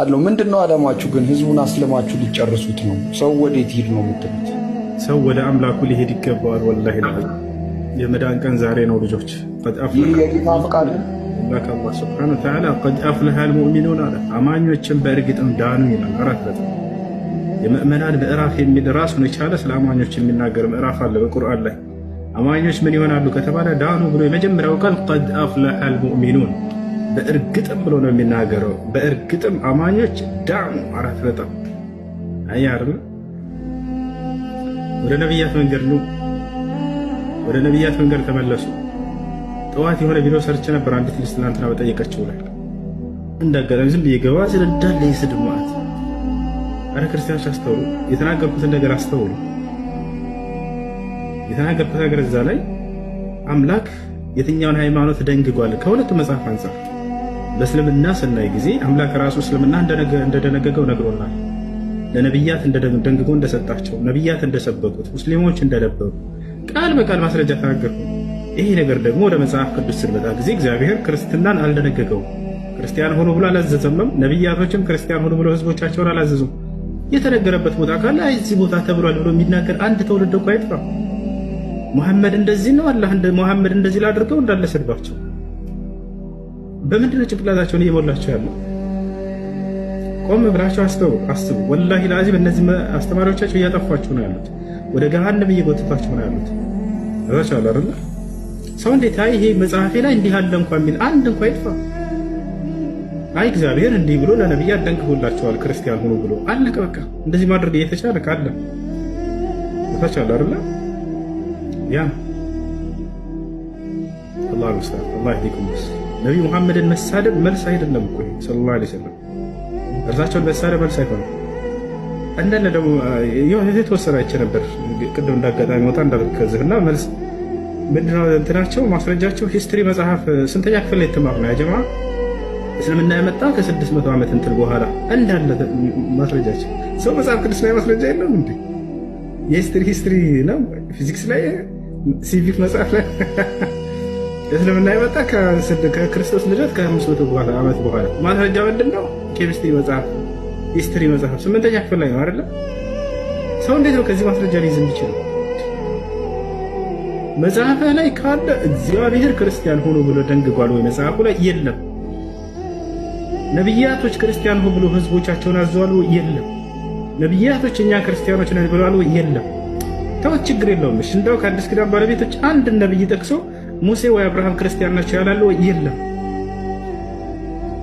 አለው። ምንድን ነው አላማችሁ ግን? ህዝቡን አስልማችሁ ሊጨርሱት ነው። ሰው ወዴት ይሄድ ነው የምትሉት? ሰው ወደ አምላኩ ሊሄድ ይገባዋል። ወላሂ የመዳን ቀን ዛሬ ነው ልጆች። ይህ የጌታ ፈቃድ አምላክ አላህ ወተዓላ ቀድ አለ። አማኞችን በእርግጥም ዳኑ ይላል። አራት የምእመናን ምዕራፍ የሚል ራሱን የቻለ ስለ አማኞች የሚናገር ምዕራፍ አለ በቁርአን ላይ። አማኞች ምን ይሆናሉ ከተባለ ዳኑ ብሎ የመጀመሪያው ቃል ቀድ አፍለሃል አልሙእሚኑን በእርግጥም ብሎ ነው የሚናገረው። በእርግጥም አማኞች ዳሙ አራት በጣም አያር ወደ ነቢያት መንገድ ነው። ወደ ነቢያት መንገድ ተመለሱ። ጠዋት የሆነ ቪዲዮ ሰርች ነበር። አንዲት ልጅ ትናንትና በጠየቀችው ላይ እንዳጋጣሚ ዝም ብዬ ገባ ስል እንዳለ አረ ክርስቲያኖች አስተውሉ፣ የተናገርኩትን ነገር አስተውሉ። የተናገርኩት ነገር እዛ ላይ አምላክ የትኛውን ሃይማኖት ደንግጓል? ከሁለቱ መጽሐፍ አንጻር በእስልምና ስናይ ጊዜ አምላክ ራሱ እስልምና እንደደነገገው ነግሮናል። ለነቢያት እንደደንግጎ እንደሰጣቸው ነቢያት እንደሰበኩት ሙስሊሞች እንደነበሩ ቃል በቃል ማስረጃ ተናገርኩ። ይሄ ነገር ደግሞ ወደ መጽሐፍ ቅዱስ ስንመጣ ጊዜ እግዚአብሔር ክርስትናን አልደነገገውም። ክርስቲያን ሆኑ ብሎ አላዘዘምም። ነቢያቶችም ክርስቲያን ሆኑ ብሎ ህዝቦቻቸውን አላዘዙም። የተነገረበት ቦታ ካለ እዚህ ቦታ ተብሏል ብሎ የሚናገር አንድ ትውልድ እኮ አይጥፋም። ሙሐመድ እንደዚህ ነው አላህ ሙሐመድ እንደዚህ ላድርገው ሰድባቸው በምንድነው ጭንቅላታቸውን እየሞላቸው ያለው? ቆም ብላቸው አስተው አስቡ። ወላሂ ለአዚም እነዚህ አስተማሪዎቻቸው እያጠፏቸው ነው ያሉት፣ ወደ ገሃነም እየጎትቷቸው ነው ያሉት። እዛቸው አይደለ? ሰው እንዴት አይ ይሄ መጽሐፌ ላይ እንዲህ አለ እንኳ የሚል አንድ እንኳ ይጥፋ። አይ እግዚአብሔር እንዲህ ብሎ ለነቢያ አደንግፎላቸዋል ክርስቲያን ሆኖ ብሎ አለቀ። በቃ እንደዚህ ማድረግ እየተቻለ ካለ እዛቸው አይደለ? ያ አላህ ይስጣ አላህ ይዲኩም ነቢ ሙሐመድን መሳደብ መልስ አይደለም እኮ ሰለላሁ ዐለይሂ ወሰለም እርሳቸውን መሳደብ መልስ አይሆንም። እንዳለ ደግሞ የተወሰነ አይቼ ነበር ቅድም እንዳጋጣሚ ቦታ እንዳልክ ከዚህ እና መልስ ምንድነው እንትናቸው ማስረጃቸው ሂስትሪ መጽሐፍ ስንተኛ ክፍል ላይ ትማር ነው ያጀማ እስልምና የመጣ ከ600 ዓመት እንትን በኋላ እንዳለ ማስረጃቸው ሰው መጽሐፍ ቅዱስ ላይ ማስረጃ የለም እንዲ የሂስትሪ ሂስትሪ ነው ፊዚክስ ላይ ሲቪክ መጽሐፍ ላይ እስልምና የመጣ ከክርስቶስ ልደት ከአምስት መቶ ዓመት በኋላ ማስረጃ ምንድን ነው? ኬሚስትሪ መጽሐፍ፣ ሂስትሪ መጽሐፍ ስምንተኛ ክፍል ላይ ነው አይደለም። ሰው እንዴት ነው ከዚህ ማስረጃ ሊይዝ የሚችል? መጽሐፍ ላይ ካለ እግዚአብሔር ክርስቲያን ሆኖ ብሎ ደንግጓል ወይ? መጽሐፉ ላይ የለም። ነቢያቶች ክርስቲያን ሆኖ ብሎ ህዝቦቻቸውን አዘዋል ወይ? የለም። ነቢያቶች እኛ ክርስቲያኖች ነን ብለዋል ወይ? የለም። ተወት ችግር የለውም። እሺ እንደው ከአዲስ ኪዳን ባለቤቶች አንድ ነብይ ጠቅሶ ሙሴ ወይ አብርሃም ክርስቲያን ናቸው ያላለ የለም።